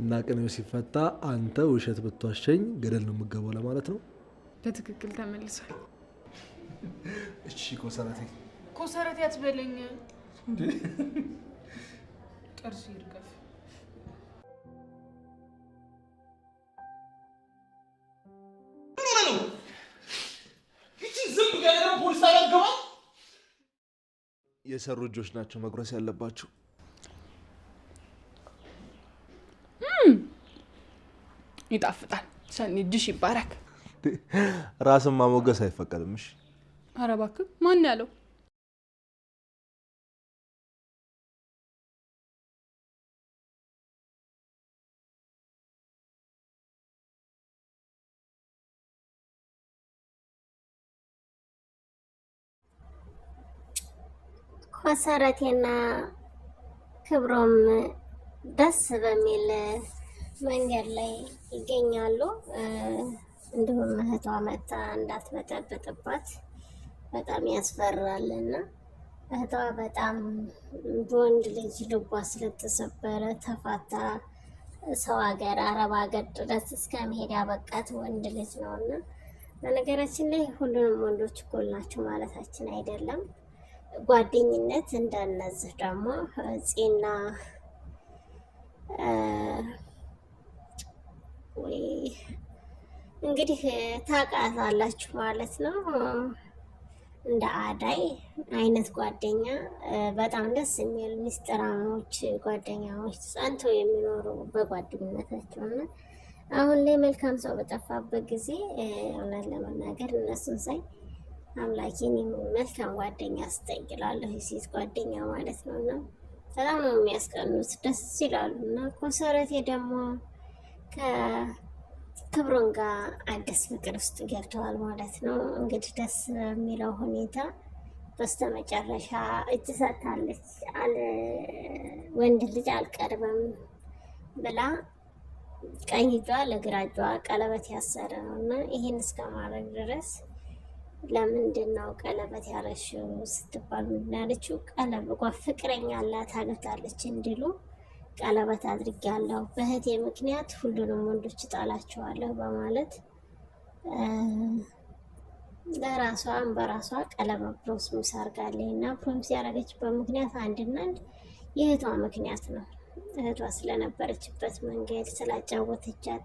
እና ቅኔው ሲፈታ አንተ ውሸት ብትዋሸኝ ገደል ነው የምገባው ለማለት ነው። በትክክል ተመልሷል። እሺ ኮሰረቴ ኮሰረቴ አትበለኝ። ጥርሱ ይርገፍ። የሰሩ እጆች ናቸው መጉረስ ያለባቸው። ይጣፍጣል። ሰኒ እጅሽ ይባረክ። ራስን ማሞገስ አይፈቀድም። እሺ፣ ኧረ እባክህ ማን ያለው? ኮሰረቴና ክብሮም ደስ በሚል መንገድ ላይ ይገኛሉ። እንዲሁም እህቷ መታ እንዳትበጠበጥባት በጣም ያስፈራል እና እህቷ በጣም በወንድ ልጅ ልቧ ስለተሰበረ ተፋታ ሰው ሀገር አረብ ሀገር ድረስ እስከ መሄድ ያበቃት ወንድ ልጅ ነው እና በነገራችን ላይ ሁሉንም ወንዶች እኩል ናቸው ማለታችን አይደለም። ጓደኝነት እንደነዚህ ደግሞ ጽና እንግዲህ ታውቃታላችሁ ማለት ነው። እንደ አዳይ አይነት ጓደኛ በጣም ደስ የሚል ሚስጥራሞች ጓደኛዎች ጸንቶ የሚኖሩ በጓደኝነታቸውና አሁን ላይ መልካም ሰው በጠፋበት ጊዜ እውነት ለመናገር እነሱን ሳይ አምላኬን መልካም ጓደኛ ስጠይቅላለሁ። የሴት ጓደኛ ማለት ነው እና በጣም ነው የሚያስቀኑት፣ ደስ ይላሉ እና ኮሰረቴ ደግሞ ከክብሩን ጋር አዲስ ፍቅር ውስጥ ገብተዋል ማለት ነው። እንግዲህ ደስ በሚለው ሁኔታ በስተመጨረሻ እጅ ሰጥታለች። ወንድ ልጅ አልቀርበም ብላ ቀኝ እጇ ለግራ እጇ ቀለበት ያሰረ ነው እና ይህን እስከማድረግ ድረስ ለምንድን ነው ቀለበት ያረሽው ስትባል ምናለችው? ቀለበ ፍቅረኛ አላት አግብታለች እንዲሉ ቀለበት አድርጌያለሁ፣ በእህቴ ምክንያት ሁሉንም ወንዶች እጣላቸዋለሁ በማለት ለራሷም በራሷ ቀለበት ፕሮሚስ አድርጋለች እና ፕሮሚስ ያደረገችበት ምክንያት አንድና አንድ የእህቷ ምክንያት ነው። እህቷ ስለነበረችበት መንገድ ስላጫወተቻት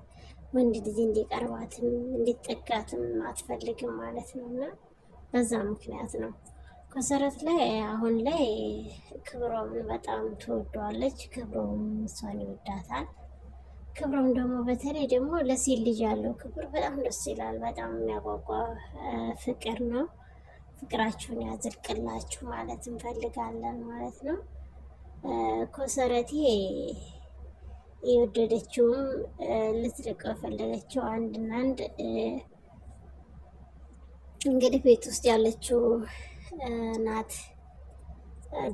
ወንድ ልጅ እንዲቀርባትም እንዲጠጋትም አትፈልግም ማለት ነው እና በዛ ምክንያት ነው። ኮሰረት ላይ አሁን ላይ ክብሮም በጣም ትወደዋለች። ክብሮም እሷን ይወዳታል። ክብሮም ደግሞ በተለይ ደግሞ ለሴት ልጅ ያለው ክብር በጣም ደስ ይላል። በጣም የሚያጓጓ ፍቅር ነው። ፍቅራችሁን ያዝልቅላችሁ ማለት እንፈልጋለን ማለት ነው። ኮሰረቴ የወደደችውም ልትርቀው የፈለገችው አንድና አንድ እንግዲህ ቤት ውስጥ ያለችው ናት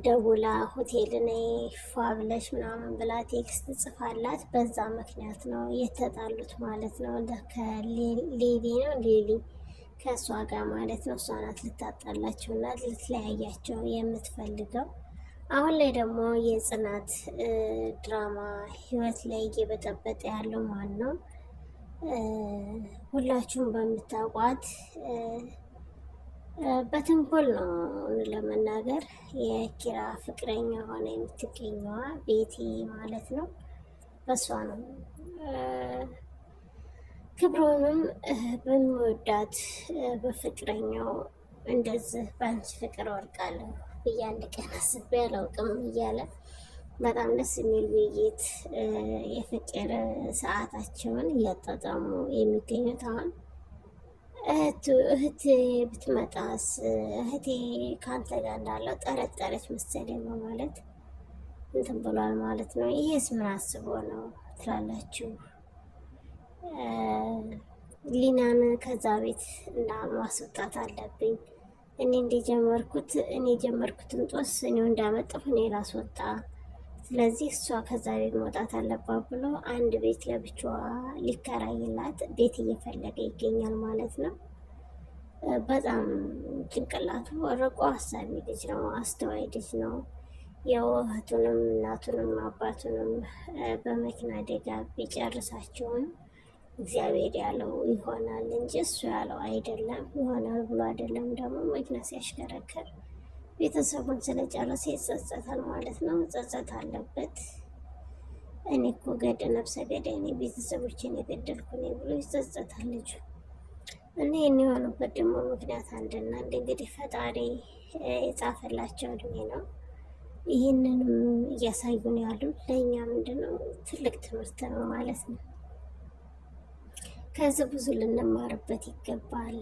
ደውላ ሆቴል ነይ ፏ ብለሽ ምናምን ብላ ቴክስት ጽፋላት በዛ ምክንያት ነው የተጣሉት ማለት ነው። ከሌሊ ነው ሌሊ ከእሷ ጋር ማለት ነው። እሷ ናት ልታጣላቸው እና ልትለያያቸው የምትፈልገው። አሁን ላይ ደግሞ የጽናት ድራማ ህይወት ላይ እየበጠበጠ ያለው ማን ነው? ሁላችሁም በምታውቋት በተንኮል ነው ለመናገር የኪራ ፍቅረኛ ሆነ የምትገኘዋ ቤቲ ማለት ነው። በሷ ነው ክብሮንም በሚወዳት በፍቅረኛው እንደዚህ በአንቺ ፍቅር ወርቃለሁ ብዬ አንድ ቀን አስቤ አላውቅም እያለ በጣም ደስ የሚል ውይይት የፍቅር ሰዓታቸውን እያጣጣሙ የሚገኙት አሁን እህት ብትመጣስ እህቴ ከአንተ ጋር እንዳለው ጠረጠረች መሰለኝ በማለት እንትን ብሏል ማለት ነው። ይሄስ ምን አስቦ ነው ትላላችሁ? ሊናን ከዛ ቤት እና ማስወጣት አለብኝ። እኔ እንደጀመርኩት እኔ የጀመርኩትን ጦስ እኔው እንዳመጣሁ እኔ ላስወጣ ስለዚህ እሷ ከዛ ቤት መውጣት አለባት ብሎ አንድ ቤት ለብቻዋ ሊከራይላት ቤት እየፈለገ ይገኛል ማለት ነው። በጣም ጭንቅላቱ ርቆ አሳቢ ልጅ ነው፣ አስተዋይ ልጅ ነው። ያው እናቱንም አባቱንም በመኪና አደጋ ቢጨርሳቸውም እግዚአብሔር ያለው ይሆናል እንጂ እሱ ያለው አይደለም ይሆናል ብሎ አይደለም ደግሞ መኪና ሲያሽከረከር ቤተሰቡን ስለጨረሰ ይጸጸታል ማለት ነው። ጸጸት አለበት። እኔ እኮ ገደ ነብሰ ገዳይ እኔ ቤተሰቦችን የገደልኩ እኔ ብሎ ይጸጸታል ልጁ። እኔ የሚሆኑበት ደግሞ ምክንያት አንድና አንድ እንግዲህ ፈጣሪ የጻፈላቸው እድሜ ነው። ይህንንም እያሳዩን ያሉ ለእኛ ምንድነው ትልቅ ትምህርት ነው ማለት ነው። ከዚህ ብዙ ልንማርበት ይገባል።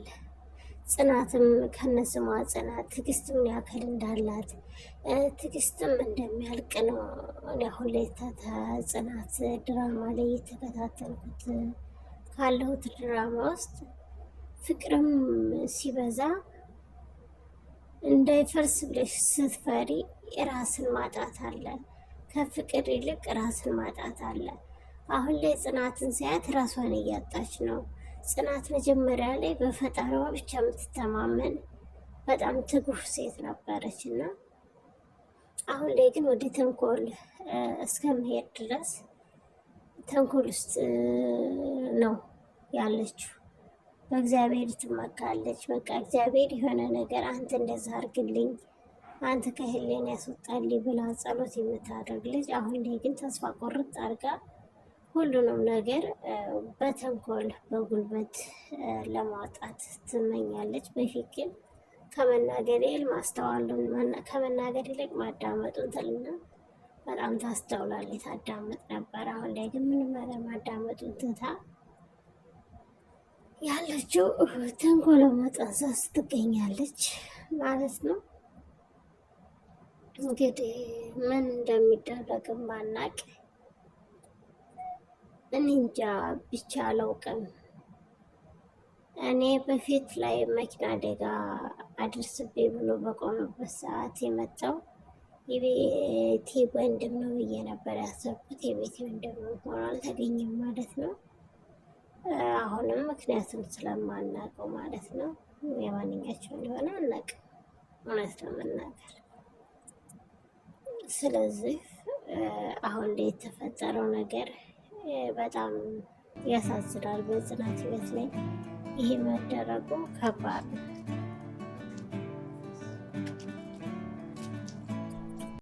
ጽናትም ከነስሟ ጽናት ትዕግስት ምን ያክል እንዳላት ትዕግስትም እንደሚያልቅ ነው። እኔ አሁን ጽናት ድራማ ላይ የተከታተልኩት ካለሁት ድራማ ውስጥ ፍቅርም ሲበዛ እንዳይፈርስ ብለሽ ስትፈሪ ራስን ማጣት አለ። ከፍቅር ይልቅ ራስን ማጣት አለ። አሁን ላይ ጽናትን ሳያት ራሷን እያጣች ነው። ጽናት መጀመሪያ ላይ በፈጣሪዋ ብቻ የምትተማመን በጣም ትጉህ ሴት ነበረች እና አሁን ላይ ግን ወደ ተንኮል እስከ ድረስ ተንኮል ውስጥ ነው ያለችው። በእግዚአብሔር ትመካለች። በቃ እግዚአብሔር የሆነ ነገር አንተ እንደዛ አርግልኝ፣ አንተ ከህሌን ያስወጣልኝ ብላ ጸሎት የምታደርግ ልጅ አሁን ላይ ግን ተስፋ ቆርጥ አርጋ ሁሉንም ነገር በተንኮል በጉልበት ለማውጣት ትመኛለች። በፊት ግን ከመናገር ይል ማስተዋሉን ከመናገር ይልቅ ማዳመጡን ትልና በጣም ታስተውላለች፣ ታዳመጥ ነበር። አሁን ላይ ግን ምንም ነገር ማዳመጡን ትታ ያለችው ተንኮሎ መጠንሰስ ትገኛለች ማለት ነው። እንግዲህ ምን እንደሚደረግም ባናቅ እንጃ ብቻ አላውቅም። እኔ በፊት ላይ መኪና አደጋ አድርስቤ ብሎ በቆመበት ሰዓት የመጣው የቤቴ ወንድም ነው ብዬ ነበር ያሰብኩት። የቤቴ ወንድም ሆኖ አልተገኘም ማለት ነው። አሁንም ምክንያቱም ስለማናውቀው ማለት ነው የማንኛቸው እንደሆነ አናውቅም፣ እውነት ለመናገር ስለዚህ አሁን ላይ የተፈጠረው ነገር በጣም ያሳዝናል። በጽናት ቤት ላይ ይሄ መደረጉ ከባድ ነው።